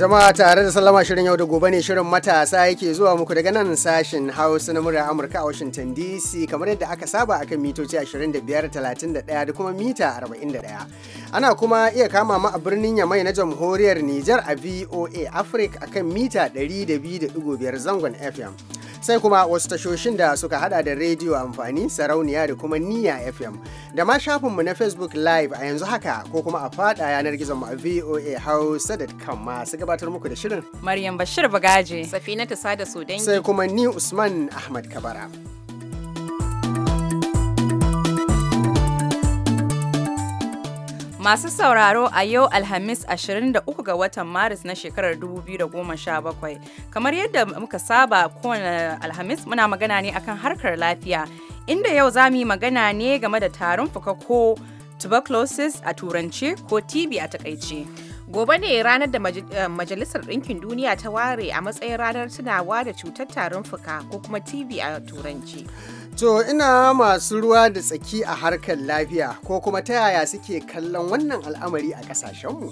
Jama'a tare da sallama shirin yau da gobe ne shirin matasa yake zuwa muku daga nan sashen Hausa na murar Amurka a Washington DC kamar yadda aka saba akan mitoci 25, 31 da kuma mita 41. Ana kuma iya kama ma a birnin Yamai na Jamhuriyar Nijar a VOA Africa akan mita 102.5 zangon FM. sai kuma wasu tashoshin da suka hada da rediyo amfani sarauniya da kuma niya fm da ma shafinmu na facebook live a yanzu haka ko kuma a fada yanar gizon mu a voa hausa.com masu gabatar muku da shirin maryam bashir bagaje safina ta sada sudan sai kuma ni usman ahmad kabara Masu sauraro a yau Alhamis 23 ga watan Maris na shekarar 2017. Kamar yadda muka saba kowane Alhamis muna magana ne akan harkar lafiya, inda yau za mu yi magana ne game da tarin fuka ko tuberculosis a turance ko TB a takaice. Gobe ne ranar da eh, Majalisar Ɗinkin Duniya ta ware a matsayin ranar tunawa da cutar tarin fuka ko kuma TB a turance. To ina masu ruwa da tsaki a harkar lafiya ko kuma ta yaya suke kallon wannan al'amari a kasashenmu?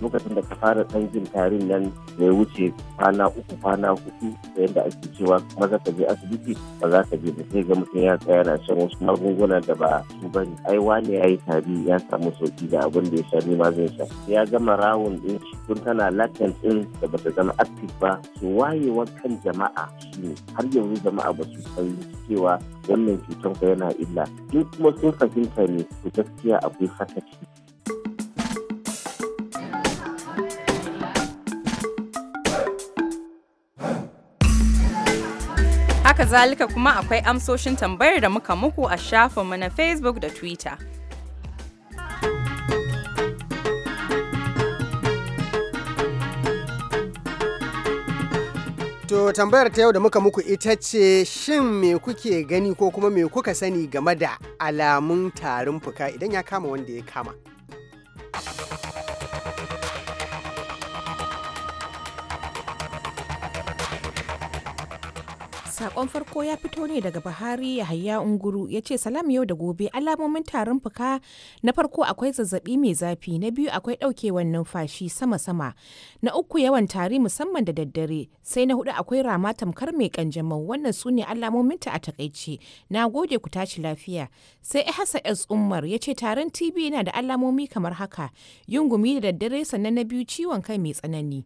Lokacin da ka fara ɗan jin tarin nan mai wuce kwana uku kwana hudu da yadda ake cewa kuma za ka je asibiti ba za ka je ba sai ga mutum ya tsaya na shan wasu magunguna da ba su bane ai wane ya yi tari ya samu sauki da abin da ya sha ni ma zai sha ya gama rawun ɗin shi tun tana latin din da bata zama active ba su wayewar kan jama'a shine har yanzu jama'a ba su san cewa wannan cutar ka yana illa in kuma sun fahimta ne su gaskiya akwai sakaci haka zalika kuma akwai amsoshin tambayar da muka muku a shafinmu na facebook da twitter To tambayar ta yau da muka muku ita ce shin me kuke gani ko kuma me kuka sani game da alamun tarin fuka idan ya kama wanda ya kama. Sakon farko ya fito ne daga Buhari Yahaya Unguru ya ce salam yau da gobe alamomin tarin fuka na farko akwai zazzabi mai zafi na biyu akwai ɗaukewar numfashi sama-sama na uku yawan tari musamman da daddare sai na hudu akwai rama tamkar mai kanjamau wannan su ne ta a takaice na gode ku tashi lafiya sai Ihasa S Umar ya ce tarin TB yana da alamomi kamar haka yin gumi da daddare sannan na biyu ciwon kai mai tsanani.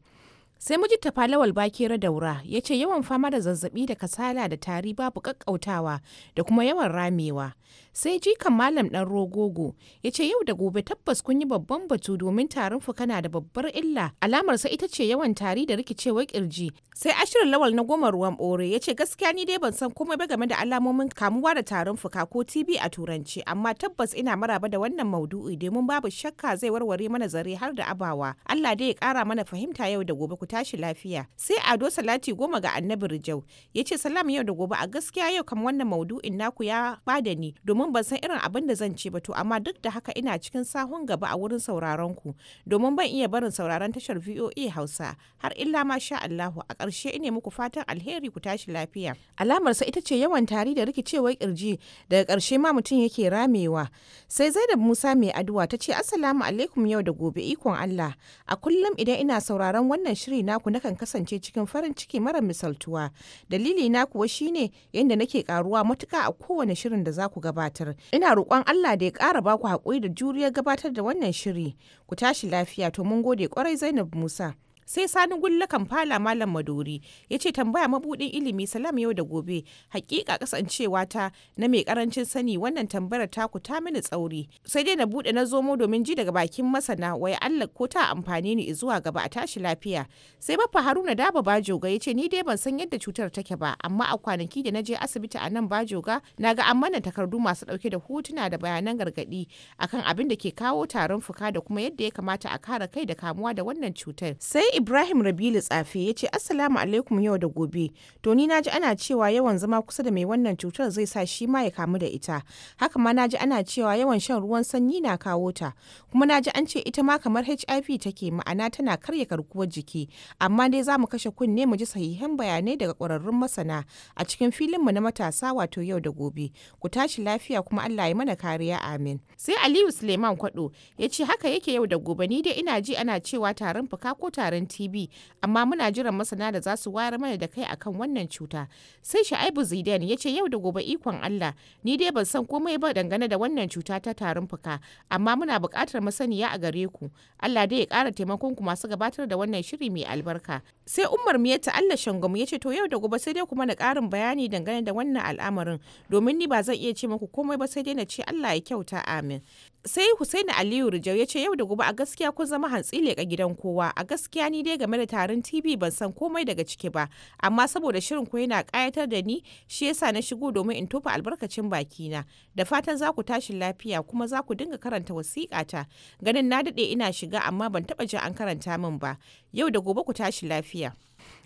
sai mujitaba lawal bakere daura ya ce yawan fama da zazzabi da kasala da tari babu kakkautawa da kuma yawan ramewa sai jikan malam dan rogogo ya ce yau da gobe tabbas kun yi babban batu domin tarin fuka na da babbar illa Alamar alamarsa ita ce yawan tari da rikicewar kirji sai ashirin lawal na goma ruwan bore ya ce gaskiya ni dai ban san komai ba game da alamomin kamuwa da tarin fuka ko tb a turanci amma tabbas ina maraba da wannan maudu'i domin babu shakka zai warware mana zare har da abawa allah dai ya kara mana fahimta yau da gobe ku tashi lafiya sai ado salati goma ga annabi rijau ya ce salam yau da gobe a gaskiya yau kam wannan maudu'in naku ya bada ni domin ban san irin abin da zan ce ba to amma duk da haka ina cikin sahun gaba a wurin sauraron ku domin ban iya barin sauraron tashar VOA Hausa har illa ma sha Allahu a ƙarshe ina muku fatan alheri ku tashi lafiya alamar sa ita ce yawan tari da rikicewar kirji daga ƙarshe ma mutum yake ramewa sai Zainab Musa mai addu'a ta ce assalamu alaikum yau da gobe ikon Allah a kullum idan ina sauraron wannan shiri dalili naku nakan kasance cikin farin ciki mara misaltuwa dalili na kuwa shine yadda nake karuwa matuka a kowane shirin da za ku gabatar ina roƙon Allah da ya ƙara ba ku haƙuri da juriyar gabatar da wannan shiri ku tashi lafiya to mun gode kwarai Zainab Musa sai sani gulla kamfala malam madori ya ce tambaya mabudin ilimi salam yau da gobe hakika kasancewa ta na mai karancin sani wannan tambayar ku ta mini tsauri sai dai na bude na zomo domin ji daga bakin masana wai allah ko ta amfani ni zuwa gaba a tashi lafiya sai baffa haruna daba bajoga ya ce ni dai ban san yadda cutar take ba amma a kwanaki da na je asibiti a nan bajoga na ga an mana takardu masu dauke da hotuna da bayanan gargadi akan abin da ke kawo tarin fuka da kuma yadda ya kamata a kare kai da kamuwa da wannan cutar sai Ibrahim Rabilu Tsafe ya ce Assalamu alaikum yau da gobe. To ni ji ana cewa yawan zama kusa da mai wannan cutar zai sa shi ma ya kamu da ita. Haka ma naji ana cewa yawan shan ruwan sanyi na kawo ta. Kuma naji an ce ita ma kamar HIV take ma'ana tana karya garkuwar jiki. Amma dai za mu kashe kunne mu ji sahihan bayanai daga ƙwararrun masana a cikin filin mu na matasa wato yau da gobe. Ku tashi lafiya kuma Allah ya mana kariya amin. Sai Aliyu Suleiman Kwado ya ce haka yake yau da gobe ni dai ina ji ana cewa tarin fuka ko tarin zazzabin TB amma muna jiran masana da za su wayar mana da kai akan wannan cuta. Sai Sha'ibu Zidane ya ce yau da gobe ikon Allah ni dai ban san komai ba dangane da wannan cuta ta tarin fuka amma muna buƙatar masaniya a gare ku. Allah dai ya ƙara taimakon ku masu gabatar da wannan shiri mai albarka. Sai Umar Miyata Allah Shangamu ya ce to yau da gobe sai dai ku mana ƙarin bayani dangane da wannan al'amarin domin ni ba zan iya ce muku komai ba sai dai na ce Allah ya kyauta amin. sai husaini Aliyu Rijau ya ce yau da gobe a gaskiya kun zama hantsi leƙa gidan kowa a gaskiya ni dai game da tarin TV ban san komai daga ciki ba, amma saboda shirin ku yana kayatar da ni shi yasa na shigo domin in tofa albarkacin bakina. Da fatan za ku tashi lafiya kuma za ku dinga karanta wasiƙata. Ganin na daɗe ina shiga amma ban taɓa jin an karanta min ba. Yau da gobe ku tashi lafiya.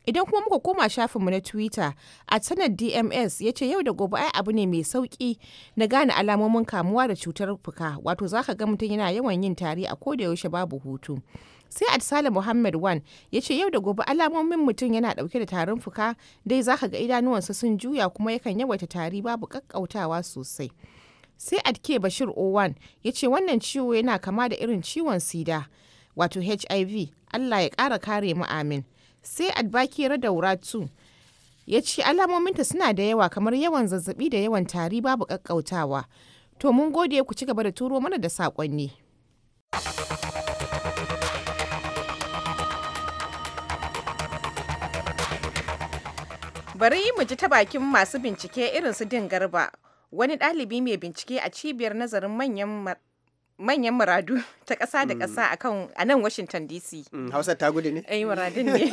idan kuma muka koma shafinmu na twitter a sanar dms ya ce yau da gobe ai abu ne mai sauki na gane alamomin kamuwa da cutar fuka wato zaka ga mutum yana yawan yin tari a koda yaushe babu hutu sai adsala muhammad wan ya ce yau da gobe alamomin mutum yana dauke da tarin fuka dai zaka ga idanuwansa sun juya kuma yakan yawaita tari babu kakkautawa sosai sai adke bashir owan ya ce wannan ciwo yana kama da irin ciwon sida wato hiv allah ya kara kare mu amin sai adbaki radaura 2 ya ce alamominta suna da yawa kamar yawan zazzabi da yawan tari babu kakkautawa to mun gode ku ci gaba da turo mana da saƙonni. Bari mu ji ta bakin masu bincike irin su Din Garba, wani dalibi mai bincike a cibiyar nazarin manyan manyan muradu ta ƙasa da mm. ƙasa kan a nan Washington DC. Mm, Hausa ta gudu ne? Eh muradin ne.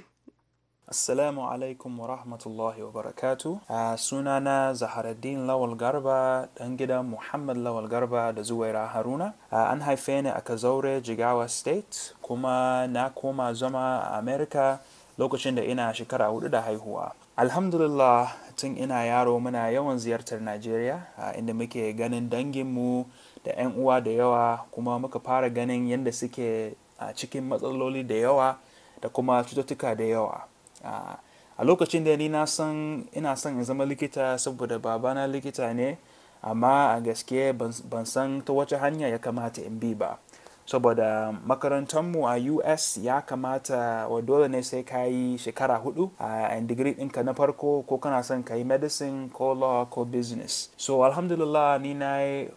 Assalamu alaikum wa rahmatullahi wa barakatu. A sunana Zaharaddin Lawal Garba ɗan gidan Muhammad Lawal Garba da Zuwaira Haruna. an haife ni a Kazaure Jigawa State kuma na koma zama a Amerika lokacin da ina shekara hudu da haihuwa alhamdulillah tun ina yaro muna yawan ziyartar najeriya inda muke ganin danginmu da 'yan uwa da yawa kuma muka fara ganin yadda suke cikin matsaloli da yawa da kuma cututtuka da yawa a lokacin da ni ina son in zama likita saboda babana likita ne amma a gaske ban san ta wace hanya ya kamata in bi ba saboda makarantarmu a us ya kamata wa dole ne sai ka yi shekara hudu a digiri ɗinka na farko ko kana son ka yi medicine ko law ko business so alhamdulillah ni na yi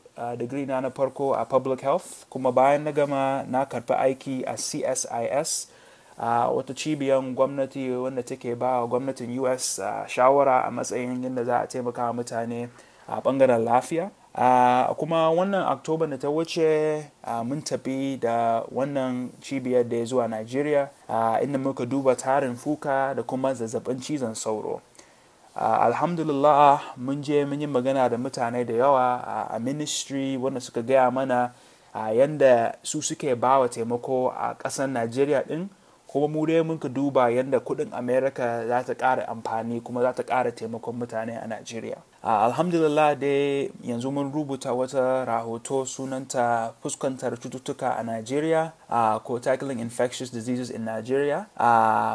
digiri na na farko a public health kuma bayan na gama na karfi aiki a csis a wata cibiyar gwamnati wanda take ba wa gwamnatin us a shawara a matsayin yadda za a taimaka mutane a bangaren lafiya Uh, kuma wannan oktoba da ta wuce uh, mun tafi da wannan cibiyar da ya zuwa nigeria uh, inda muka duba tarin fuka da kuma zazzabin cizon sauro alhamdulillah mun je mun yi magana da mutane da yawa a ministry wanda suka gaya mana yanda su suke bawa taimako a ƙasar nigeria din kuma mu dai ka duba yadda kuɗin america za ta ƙara amfani kuma za ta ƙara taimakon mutane a najeriya alhamdulillah dai yanzu mun rubuta wata rahoto sunanta fuskantar cututtuka a najeriya ko tackling infectious diseases in nigeria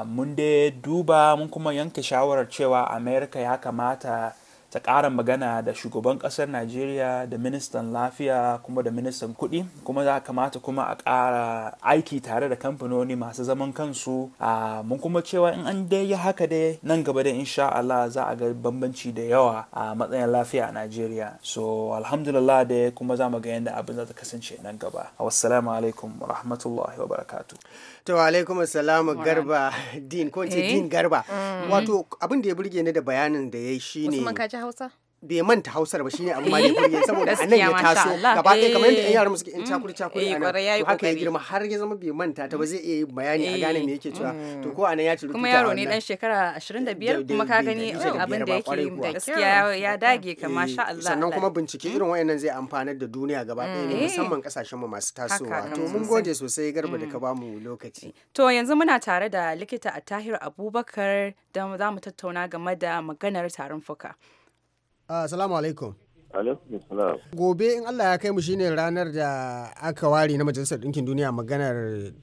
mun dai duba mun kuma yanke shawarar cewa america ya kamata ta ƙara magana da shugaban ƙasar najeriya da ministan lafiya kuma da ministan kuɗi kuma za kamata kuma a ƙara aiki tare da kamfanoni masu zaman kansu a mun kuma cewa in an dai yi haka dai nan gaba da insha Allah za a ga bambanci da yawa a matsayin lafiya a najeriya so alhamdulillah da kuma za mu ga yadda abin za ta kasance nan gaba wassalamu alaikum wa rahmatullahi wa barakatu to alaikum assalamu garba din ko din eh? garba mm. wato abin da ya burge ni da bayanin da ya shine hausa bai manta hausar ba shine abu ma ne kurye saboda a nan ya taso gaba ɗaya kamar yadda eh. yan mu suke in mm. cakuri cakuri eh, a nan to haka ya girma har ya zama bai manta ta ba zai iya bayani a eh. gane me yake cewa mm. to ko a nan ya ci rubuta kuma yaro ne dan shekara 25 kuma ka gani abin da yake yi gaskiya ya dage ka sha Allah sannan kuma bincike irin wayannan zai amfanar da duniya gaba ɗaya ne mm. musamman kasashen mu masu tasowa to mun gode sosai garba da ka ba mu lokaci to yanzu muna tare da likita a Tahir Abubakar da za mu tattauna game da maganar tarin fuka Ah, assalamu alaikum. Gobe in Allah ya kai mu shine ranar da aka ware na Majalisar Ɗinkin Duniya maganar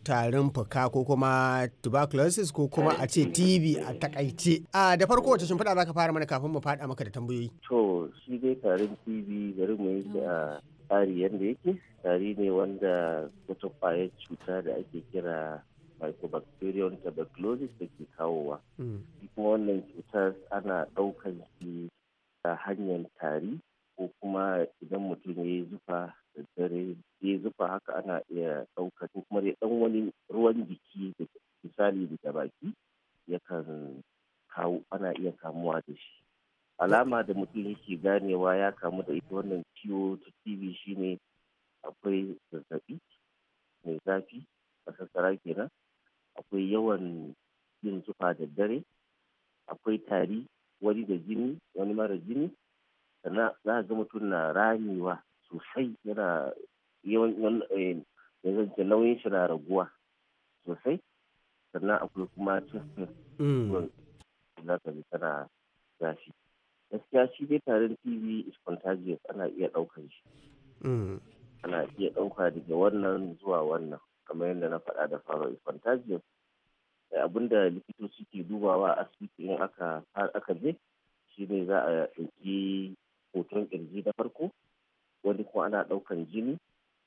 tarin fuka ko kuma tuberculosis ko kuma a ce TB a takaice. A ah, da farko wace shin za ka fara mana kafin mu faɗa maka da tambayoyi? To shi dai tarin TB bari mu yi a tsari yadda yake tari ne wanda wata ƙwayar cuta da ake kira mycobacterium tuberculosis da ke kawowa. Hmm. Kuma wannan cutar ana ɗaukan shi ta hanyar tari ko kuma idan mutum ya yi zufa da dare ya zufa haka ana iya ɗaukar ko kuma dai ɗan wani ruwan jiki da misali da baki yakan kawo ana iya kamuwa da shi alama da mutum yake ganewa ya kamu da ita wannan ciwo ta tv shine akwai zazzabi mai zafi a sassara kenan akwai yawan yin zufa da dare akwai tari wani da jini wani mara jini sannan za ga mutum na ramewa sosai yana yawan eh, yanzu nauyin shi na raguwa sosai sannan akwai kuma cikin mm. za ka tana gashi gaskiya shi dai tarin tv is contagious ana iya daukar shi mm. ana iya ɗauka daga wannan zuwa wannan kamar yadda na faɗa da faro is contagious da likitoci ke dubawa a asibiti in aka aka je shi ne za a ɗauki hoton ƙirji na farko wani kuma ana ɗaukan jini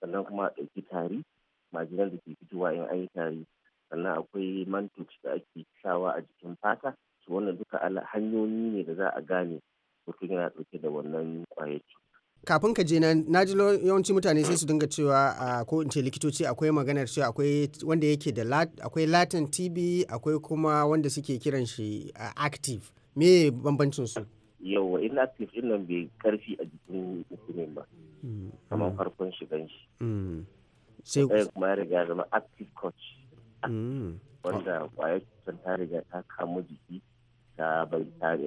sannan kuma a ɗauki tari majinar da ke fitowa in an yi tari sannan akwai mantox da ake sawa a jikin fata su wannan duka hanyoyi ne da za a gane mutum yana ɗauke da wannan ƙwayar kafin ka je nan na ji yawanci mutane sai su dinga cewa ko in ce likitoci akwai maganar cewa akwai wanda yake da akwai latin tb akwai kuma wanda suke kiran shi active me bambancin su yawa inactive din nan bai karfi a jikin mutumin ba hmm, kamar hmm. farkon shigan shi hmm. sai kuma ya riga zama active coach wanda kwayar cutar ta riga ta kamo jiki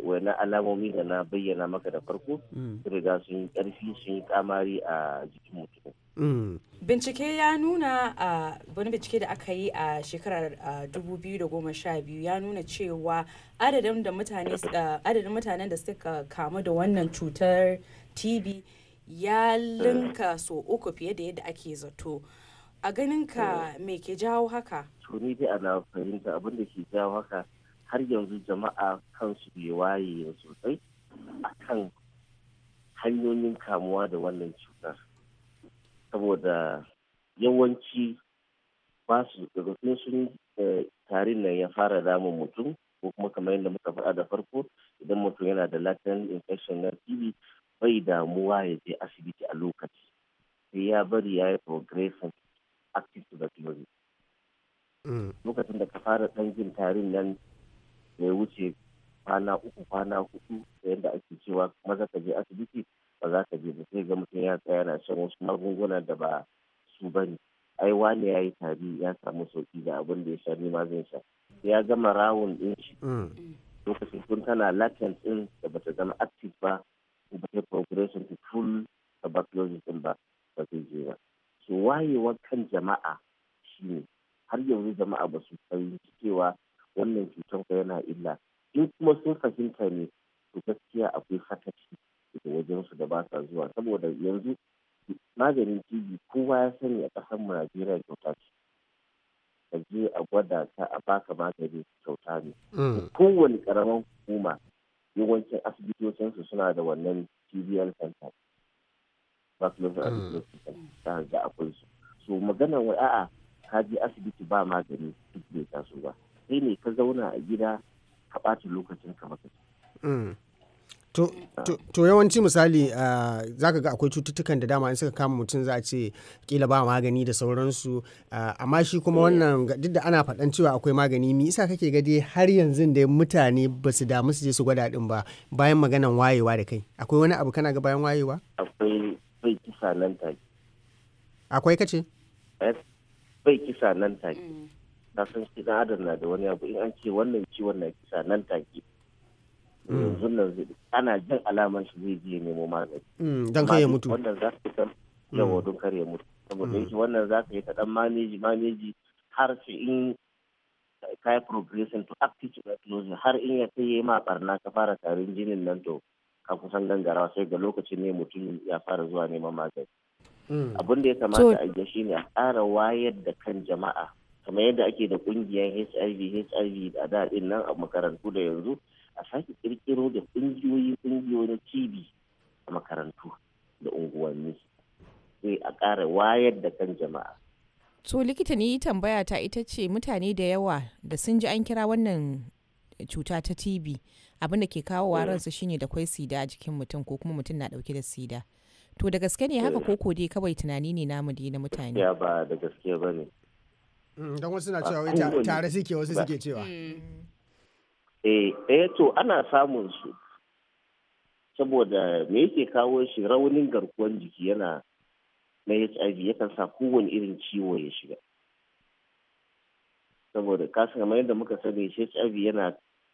wani alamomi da na bayyana maka da farko mm. sun riga sun yi ƙarfi sun yi kamari a jikin mutum. Mm. Bincike ya nuna a wani bincike da aka yi a shekarar 2012 ya nuna cewa adadin mutanen da suka kamu da wannan cutar TB ya linka so uku fiye da yadda ake zato. A ganin ka eh. me ke jawo haka? Tuni dai ana fahimta abin ke jawo haka har yanzu jama'a kansu bai waye sosai a kan hanyoyin kamuwa da wannan cutar saboda yawanci ba su rufin sun eh, tarin nan ya fara damun mutum ko kuma kamar yadda muka faɗa da farko idan mutum yana da latent infection na tb bai damuwa ya je asibiti a lokaci sai ya bari ya yi progression active tuberculosis mm. lokacin da ka fara ɗan jin tarin nan da ya wuce kwana uku kwana hudu da yadda ake cewa maza ka je asibiti ba za ka je ba sai ga mutum ya tsaya na shan wasu magunguna da ba su ba ne ai wani ya yi tari ya samu sauki da abin da ya sha ni ma zai sha ya gama rawun din shi mm. lokacin kun tana latent din da bata zama active ba ko ba ta progression to full tuberculosis din ba ba zai je ba so wayewar kan jama'a shine har yanzu jama'a ba su fahimci cewa wannan cutar fa yana illa in kuma sun fahimta ne to gaskiya akwai sakaci daga wajen su da ba sa zuwa saboda yanzu maganin tv kowa ya sani a ƙasar mu najeriya kyauta ce ka je a gwada ta a baka magani kyauta ne mm. kowane ƙaramin hukuma yawancin asibitocinsu suna da wannan tvl center vascular da mm. akwai su so magana wai a'a ka je asibiti ba magani duk bai taso ba kai ne ka zauna a gida ka ɓata lokacin ka maka mm. to yawanci misali ah, za ka ga akwai cututtukan da dama in suka kama mutum za a ce kila ba magani da sauransu ah, amma shi kuma eh. wannan duk da ana faɗan cewa akwai magani mi isa kake ga dai har yanzu da mutane ba su damu su je su gwada din ba bayan maganan wayewa da kai akwai wani abu kana ga bayan wayewa akwai kisa nan take akwai kace bai eh, kisa nan take mm. ta san shi dan adam na da wani abu in an ce wannan ciwon na kisa nan take mm. yanzu nan ana jin alaman shi zai je nemo magani mm, dan kai ya mutu wannan za ka san yawa mm. don kar ya mutu saboda yake wannan za ka yi ta dan manage manage har sai in kai progression to active tuberculosis har in ya kai ma barna ka fara tarin jinin nan to ka kusan gangarawa sai ga lokacin ne mutum ya fara zuwa neman magani abin da ya kamata a yi shine a ƙara wayar da kan jama'a kamar yadda ake da kungiyar hiv hiv da daɗin nan a makarantu da yanzu a sake kirkiro da kungiyoyi kungiyoyi na tv a makarantu da unguwanni sai a ƙara wayar da kan jama'a to likita ne ni tambaya ta ita ce mutane da yawa da sun ji an kira wannan cuta ta tb abin da ke kawo eh. ransu shine da kwai sida a jikin mutum ko kuma mutum na dauke da sida to da gaske ne haka eh. ko dai kawai tunani ne namu da mutane ya ba da gaske ba Mm, don wasu na cewa tare suke wasu suke cewa mm. eh, eh to ana samun su saboda me yake kawo shi raunin garkuwan jiki yana na hiv yakan sa kowane irin ciwo ya shiga saboda kasan kamar yadda muka sani hiv yana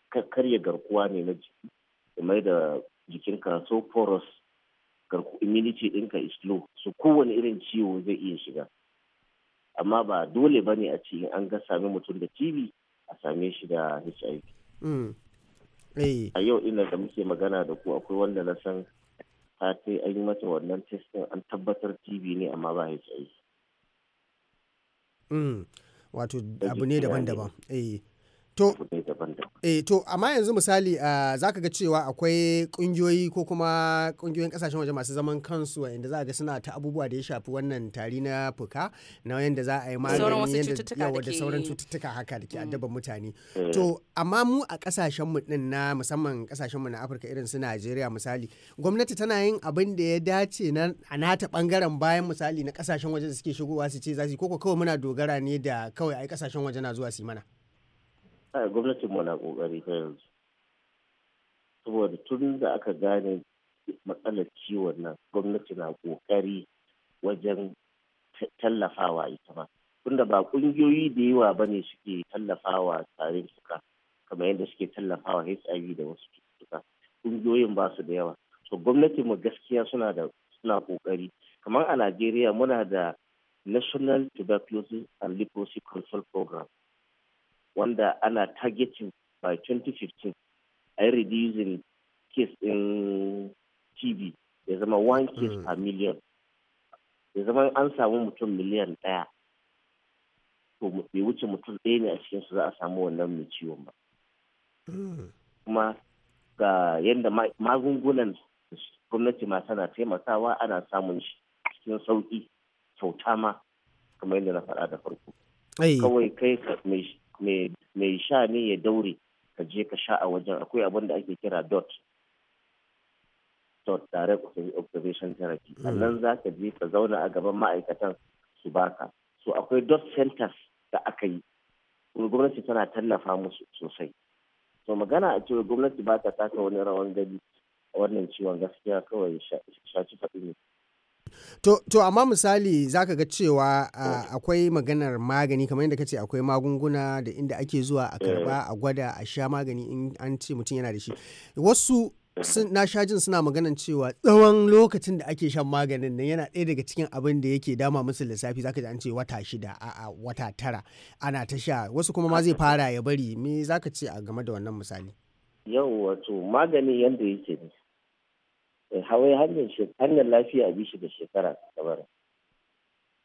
karya garkuwa ne na jiki kamar da jikinka so porous immunity ɗinka is low so kowane irin ciwo zai iya shiga amma ba dole ba ne a ce an ga sami mutum da tb a same shi da hiv mm. eh. a yau ina da muke magana da ku akwai wanda na san ta kai an yi mata wannan testin an tabbatar tb ne amma ba hiv mm. wato abu ne daban-daban To, eh, to amma yanzu misali uh, za ka ga cewa akwai kungiyoyi ko kuma kungiyoyin kasashen waje masu zaman kansu inda za ga suna ta abubuwa da ya shafi wannan tari na fuka na yadda za a yi magani yawa da sauran cututtuka haka da ke mm. addaban mutane. Eh. To, amma mu a kasashen mu din na musamman kasashen mu na Afirka irin su Najeriya misali, gwamnati tana yin abin da ya dace na a nata bangaren bayan misali na kasashen waje da suke shigowa su ce za su yi koko kawai muna dogara ne da kawai ai kasashen waje na zuwa su mana. a gwamnatin mu na kokari ta yanzu saboda tun da aka gane matsalar ciwon nan gwamnati na kokari wajen tallafawa ita ma tunda ba kungiyoyi da yawa ba ne suke tallafawa tarin suka kamar yadda suke tallafawa hiv da wasu cututtuka kungiyoyin ba su da yawa to gwamnati mu gaskiya suna da suna kokari kamar a najeriya muna da national tuberculosis and leprosy control program wanda ana targeting by 2015 a reducing case in tb ya zama one case hmm. per million ya zama an samu mutum miliyan daya to bai wuce mutum ɗaya ne a cikin za a samu wannan mai ciwon ba hmm. kuma ga yadda magungunan gwamnati ma tana taimakawa ana samun shi cikin sauƙi kyauta ma kamar yadda na faɗa da farko kawai kai mai mai sha ne ya daure ka je ka sha a wajen akwai abin da ake kira dot dot direct observation therapy sannan za ka je ka zauna a gaban ma'aikatan su baka so akwai dot centers da aka yi gwamnati tana tallafa musu sosai so magana a cewa gwamnati ba ta taka wani rawan gani wannan ciwon gaskiya kawai shaci faɗi ne To, amma misali zaka ga cewa akwai maganar magani kamar yadda kace akwai magunguna da inda ake zuwa a karba eh. a gwada a sha magani in an ce mutum yana da shi. Wasu na sha jin suna maganan cewa tsawon lokacin da ake shan maganin nan yana ɗaya daga cikin abin da yake dama musu lissafi zaka ji an ce wata shida a wata tara ana ta sha wasu kuma ma zai fara ya bari me zaka ce a game da wannan misali yau wato magani yadda yake ne Eh, hawai hanyar hanyar lafiya bi shi da shekara kamar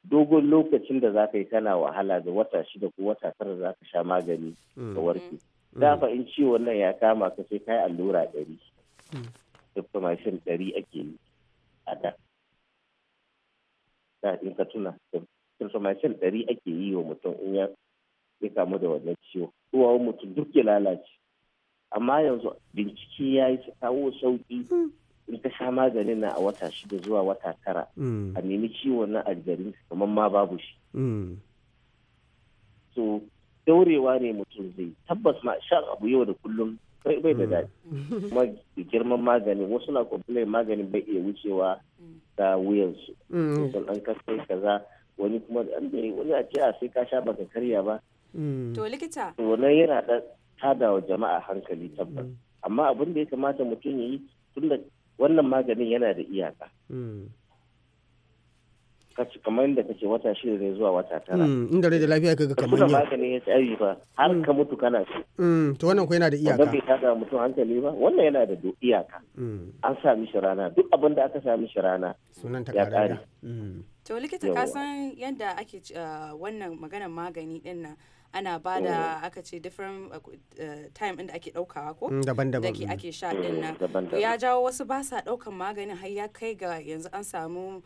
dogon lokacin da za ka yi kana wahala da wata shida ko wata tara za ka sha magani mm. ka warke mm. da fa in nan ya kama ka sai kai allura ɗari diplomashin mm. ɗari ake yi a da da in ka tuna diplomashin ɗari ake yi wa mutum in ya kamu da wannan ciwo kowa mutum duk ya lalace amma yanzu bincike ya yi kawo sauƙi in ta sha maganin na a wata shida zuwa wata tara mm. a nemi ciwon na aljarin kamar ma babu shi mm. so daurewa ne mutum zai tabbas ma shan abu yau da kullum bai da mm. daɗi kuma girman magani wasu na kwamfulai magani bai iya wucewa ta wuyansu sun an kasai kaza wani kuma wani a ce a sai ka sha baka karya ba to likita to wannan yana da tada wa jama'a hankali tabbas amma abin da ya kamata mutum ya yi da. wannan maganin yana da iyaka hmm. kamar yadda kace wata shida ne zuwa wata tara mm, in da rai da lafiya kaga kamar yau maganin HIV ba har mm. ka mutu kana shi mm, to wannan ko yana da iyaka wannan bai tada mutum hankali ba wannan yana da iyaka an sa mishi rana duk abin da aka sa mishi rana sunan ta kare to likita ka san yadda ake uh, wannan maganar magani din nan ana ba da aka ce different uh, uh, time inda ake daukawa ko daban-daban ake sha din nan ya jawo wasu ba sa daukan maganin har ya kai ga yanzu an samu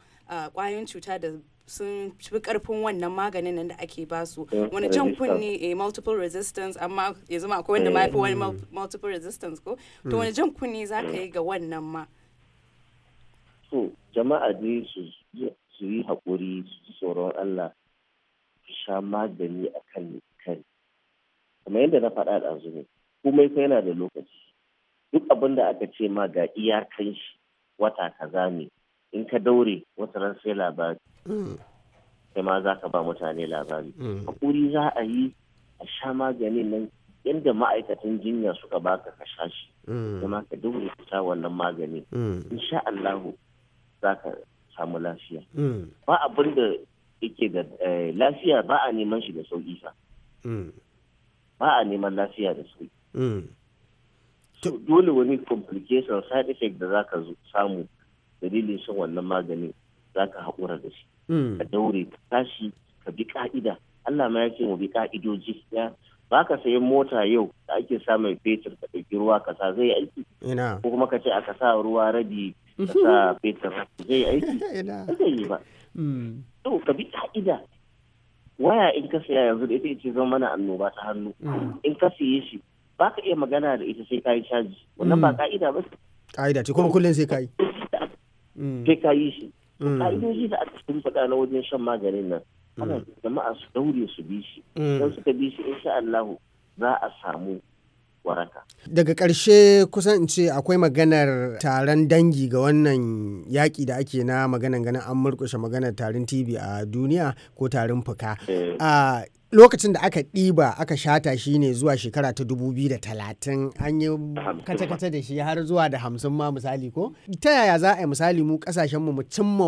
kwayoyin cuta da sun fi karfin wannan maganin nan da ake basu wani jan kunni a eh, multiple resistance amma ya zama akwai wanda ma fi wani mm. multiple resistance ko to mm. wani jan kunne za ka yi mm. ga wannan ma so jama'a ne su yi haƙuri su tsoron Allah su sha magani a kan kai kuma yadda na faɗa da ne komai fa yana da lokaci duk abin da aka ce ma ga iyakan shi wata kaza ne in ka daure wata ran sai labari sai mm. ma za ka ba mutane labari mm. hakuri za a yi a sha maganin nan yadda ma'aikatan jinya suka baka ka sha shi mm. kuma ka daure ka sha wannan magani insha Allahu za ka samu lafiya ba abin da yake da eh, lafiya ba a neman shi da sauki fa ba a neman lafiya da sauki dole wani complication side effect da za ka samu dalilin shan wannan maganin za ka haƙura da shi hmm. ka daure ka tashi ka bi ka'ida Allah ma ya ce mu bi ka'idoji ya ba ka sayan mota yau da ake samun fetur ka ɗauki ruwa ka sa zai aiki ko kuma ka ce a ka sa ruwa rabi ka sa fetur zai aiki zai yi ba hmm. to ka bi ka'ida waya in ka saya yanzu da ita ce zama mana annoba ta hannu hmm. in ka saye shi ba ka iya magana da ita sai ka yi caji wannan ba ka'ida ba ka'ida ce kuma kullum sai ka yi Mm. sai ka yi shi mm. ka'idoji da aka sun faɗa na wajen shan maganin nan ana mm. jama'a su daure su bi shi don suka bi shi insha Allah za a samu waraka daga ƙarshe kusan in ce akwai maganar taron dangi ga wannan yaƙi da ake na maganan ganin an murƙushe maganar tarin TV a duniya ko tarin fuka eh. ah, lokacin da aka ɗiba aka shata shi ne zuwa shekara ta dubu biyu da talatin an yi kata-kata da shi har zuwa da hamsin ma misali ko ta yaya za a yi misali mu kasashen mu cimma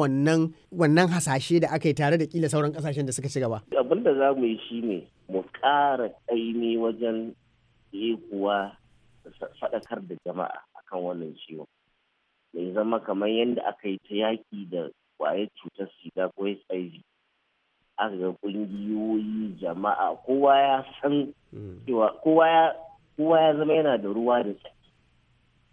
wannan hasashe da aka yi tare da kila sauran kasashen da suka ci gaba abin da za mu yi shi ne mu ƙara ƙaimi wajen yekuwa faɗakar da jama'a akan wannan ciwon mai zama kamar yadda aka yi ta yaki da kwaya cutar sida ko hiv aka ga kungiyoyi jama'a kowa ya san mm. cewa kowa ya zama yana da ruwa da tsaki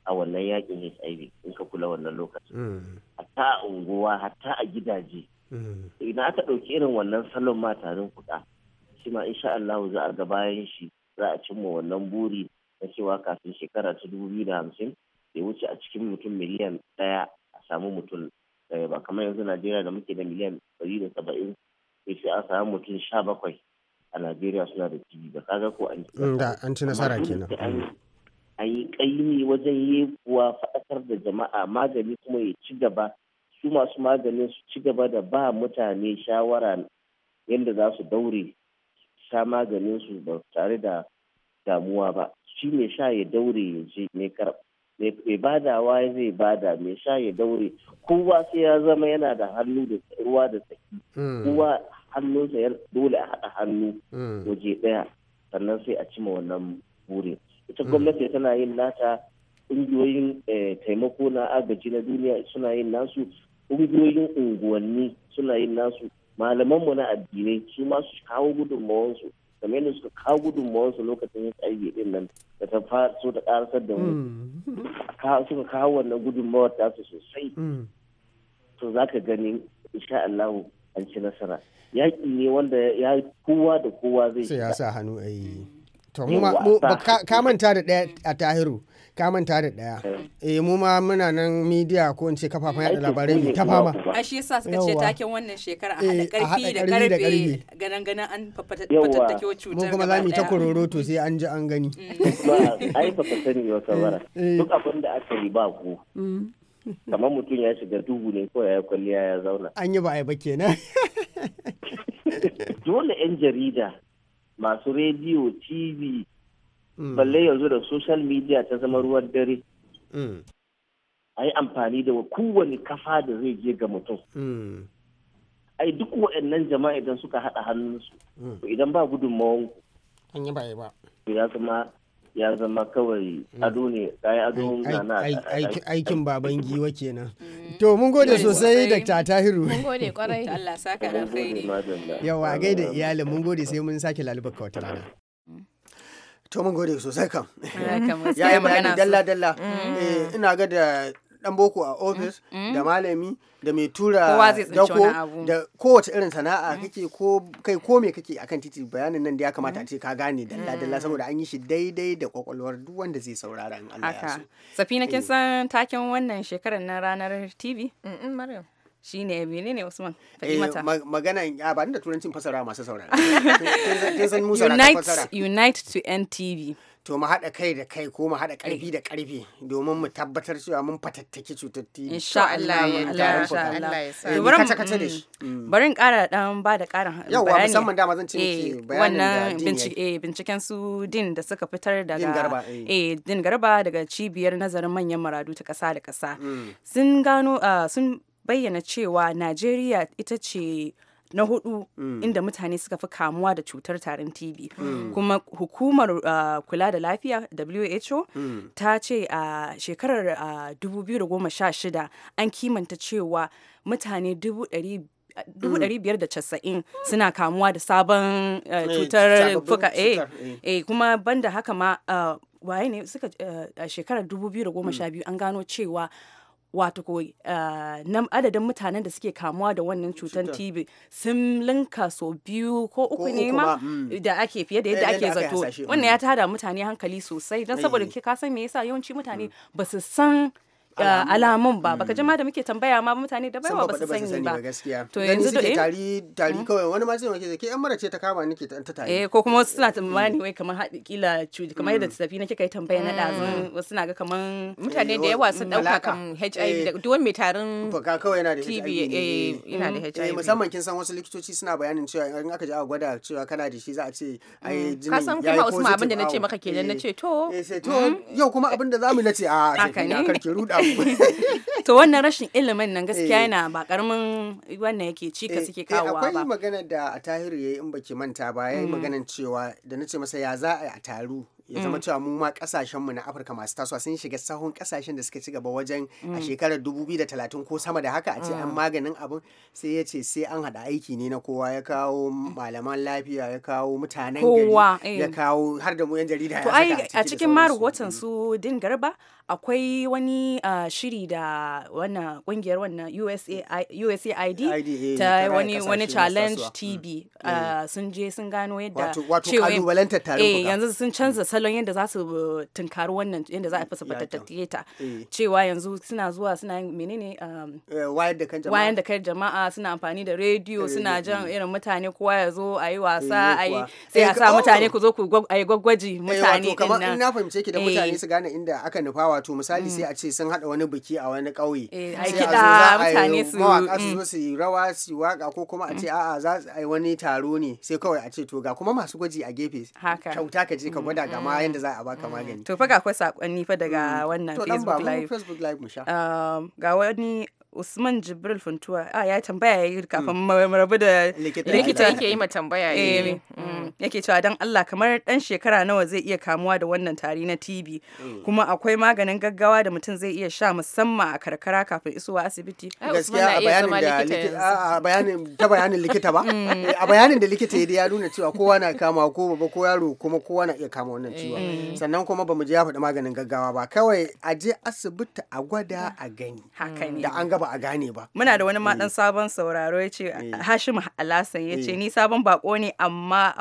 a wannan yakin hiv in ka kula wannan lokacin mm. hatta a unguwa hatta a gidaje mm. idan aka ɗauki irin wannan salon ma tarin kuɗa shi ma insha Allah za a ga bayan shi za a cimma wannan buri na cewa kafin shekara ta dubu biyu da hamsin bai wuce a cikin mutum miliyan ɗaya a samu mutum ba kamar yanzu Najeriya da muke da miliyan ɗari da saba'in sai a an samu mutum sha bakwai a najeriya suna da tv ba kaga ko an mm, da an ci nasara kenan a yi kaimi wajen yi kuwa faɗakar da jama'a magani kuma ya ci gaba su masu maganin su ci gaba da ba mutane shawara yadda za su daure sha maganin su ba tare da damuwa ba shi ne sha ya daure ya je ne mai bada waye zai bada mai sha ya daure kowa sai ya zama yana da hannu da ruwa da tsaki hmm. kowa hannunsa ya dole a haɗa hannu hmm. waje ɗaya sannan sai a cima wannan burin ita hmm. gwamnati tana yin nata ƙungiyoyin eh, taimako na agaji na duniya suna yin nasu ƙungiyoyin unguwanni suna yin nasu malamanmu na addinai su masu kawo gudunmawansu game da suka kawo gudunmawarsu lokacin hiv din nan da ta so ta karasar da mu mm. suka kawo wannan gudunmawar tasu sosai mm. to za ka gani insha Allah an ci nasara yaƙi ne wanda ya kowa da kowa zai sa hannu eh. to mu ka manta da ɗaya a tahiru ka manta da daya eh. eh mu ma muna nan media ko in ce kafafen yada labarai ne ta fama a shi yasa suka ce taken wannan shekara a hada karfi eh, da karfi ganan ganan an fatattake wa cutar mu kuma za mu ta kororo to sai an ji an gani mm. ai fa sani wata bara eh. duk abin da aka yi ba ku mm. kamar mutum ya shiga dubu ne ko ya kwalliya ya zauna an yi ba yi ba kenan dole yan jarida masu rediyo tv Mm. balle yanzu da social media ta zama ruwan dare mm. a yi amfani da kowane kafa da zai je ga mutum mm. ai duk waɗannan jama'a idan suka haɗa hannunsu idan ba gudunmawan an yi ba ya zama ya zama kawai ado ne kayan ado na aikin baban giwa kenan to mun gode sosai da tahiru mun gode kwarai Allah saka alkhairi yawa gaida iyalin mun gode sai mun sake lalubar ka wata rana to mun gode sosai kam ah, ya yi magana dalla dalla mm. eh, ina ga da dan boko a ofis mm. Mm. da malami da mai tura dako da kowace irin sana'a kake ko kai ko me kake akan titi bayanin nan da ya kamata a ce ka gane dalla dalla saboda an yi shi daidai da kwakwalwar duk wanda zai saurara in Allah ya so safina kin eh. san taken wannan shekarar na ranar TV Maryam shi ne mene ne Usman faɗi eh, mata magana ya ba da turancin fasara masu saurara Unite to NTV to mu haɗa kai da kai ko mu haɗa eh. ƙarfi da ƙarfi domin mu tabbatar cewa mun fatattaki cutar TB. Insha Allah ya insha Allah ya sa. Kace da mm. shi. Mm. Bari in ƙara dan ba da ƙarin bayani. Yawwa musamman dama zan ce eh, bayanin da wannan binciken su din da suka fitar daga Din Garba eh Din Garba daga cibiyar nazarin manyan maradu ta ƙasa da ƙasa. Mm. Sun gano ah, sun bayyana cewa Najeriya ita ce na hudu mm. inda mutane suka fi kamuwa da cutar tarin TB. Mm. Kuma hukumar uh, kula da lafiya WHO mm. ta ce a shekarar 2016 uh, an kimanta cewa mutane 590 suna kamuwa da sabon uh, eh, cutar fuka eh, eh. eh kuma banda haka ma waye ne suka a shekarar 2012 an gano cewa wato ko uh, adadin mutanen da suke kamuwa da wannan cutar tb sun linka so biyu ko uku ne ma mm. da ake fiye da yadda ake zato mm. wannan ya tada mutane hankali sosai don saboda ka san me yasa yawanci mutane mm. ba su san alamun ba baka jama hmm. da muke tambaya ma mutane da baiwa ba su sani ba gaskiya to yanzu da tari tari hmm? kawai wani ma sai ke an mara ce ta kama nake ta ta tari eh ko kuma wasu suna hmm. tsammani wai kamar haɗi kila cuji kamar yadda tafi na kai tambaya na dazu wasu suna ga kamar eh, mutane da yawa sun ɗauka kan HIV eh. da duk wani mai tarin baka kawai yana da HIV eh. eh yana da HIV musamman kin san wasu likitoci suna bayanin cewa in aka ji a gwada cewa kana da shi za a ce ai jinin ka san kuma Usman abin da nace maka kenan nace to eh sai to yau kuma abin da zamu nace a ah, sai ka karki ruda to wannan rashin ilimin nan gaskiya eh. yana ba karamin wannan yake ci ka eh, suke eh, kawowa ba akwai magana da a tahiru yayi in baki manta ba yayi mm. maganan cewa da nace masa ya za a taru ya zama mm. cewa mu ma kasashen mu na Afirka masu tasowa sun shiga sahun kasashen da suka ci gaba wajen a mm. shekarar 2030 ko sama da haka a ce an mm. maganin abin sai ya ce sai an hada aiki ne na kowa ya kawo malaman lafiya ya kawo mutanen gari ya eh. kawo har da mu yan jarida ya ai a cikin ma rahoton su din garba akwai wani ah, shiri da wannan kungiyar wannan USAID eh, ta wani challenge TB eh. ah, sun je sun gano yadda cewa yanzu sun canza salon yadda za su uh, tunkari wannan yadda za a fasa fatattaye ta eh. cewa yanzu suna zuwa suna yin menene um, eh, wayar da kan jama'a suna amfani da rediyo eh, suna jan irin mutane kowa ya zo a yi wasa a yi sai a sa oh! mutane ku zo ku a yi gwaggwaji mutane kamar na fahimce ki da mutane su gane inda aka nufa wato misali mm. sai a ce sun hada wani biki a wani ƙauye sai a mutane su mawaka su mm. zo su yi rawa su waka ko kuma a ce mm. a'a za a yi wani taro ne sai kawai a ce to ga kuma masu gwaji a gefe kyauta ka je ka gwada ga kuma yadda mm. za a baka mm. magani to fa ga akwai sakonni fa daga mm. wannan facebook live to ba mu facebook live sha um, ga wani Usman Jibril Funtuwa a ah, ya tambaya yayi kafin marabu mm. da likita yake yi ma tambaya yi eh, eh. mm. mm. yake cewa dan Allah kamar dan shekara nawa zai iya kamuwa da wannan tari na TB kuma akwai maganin gaggawa da mutum zai iya sha musamman a karkara kafin isowa asibiti ah, gaskiya a bayanin da likita a bayanin ta bayanin likita ba a bayanin da likita ya nuna cewa kowa na kama ko baba ko yaro kuma kowa na iya kama wannan ciwon sannan kuma bamu je ya faɗi maganin gaggawa ba kawai a je asibiti a gwada a gani da an ga ba a gane ba muna da wani maɗan sabon sauraro ya ce hashim alasan ya ce ni sabon bako ne amma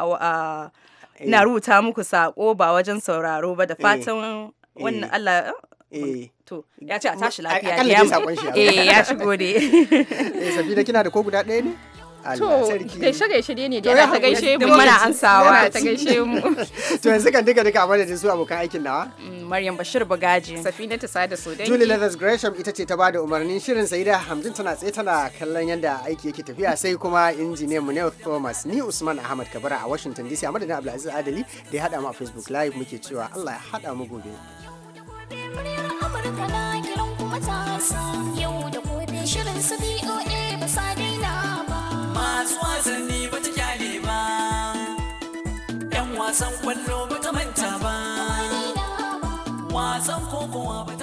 na rubuta muku sako ba wajen sauraro ba da fatan wannan allah to ya ce a tashi lafiya ya gode. Sabi da kina da ko guda ɗaya ne To gaishe gaishe dai ne dai ta gaishe mu mana ansawa ta gaishe mu. To yanzu kan duka duka amma da su abokan aikin nawa. Mm, Maryam Bashir Bagaji. Safina ta sada so dai. Julie Leathers Gresham ita ce ta bada umarnin shirin Saida Hamdin tana tsaye tana kallon yadda aiki yake tafiya sai kuma injiniyan mu ne Thomas ni Usman Ahmad Kabara a Washington DC a madadin Abdulaziz Adali da ya hada mu a Facebook live muke cewa Allah ya hada mu gobe. muryar Amurka na kiran kuma ta yau da wasan kwallo ba ta manta ba wasan kokowa ba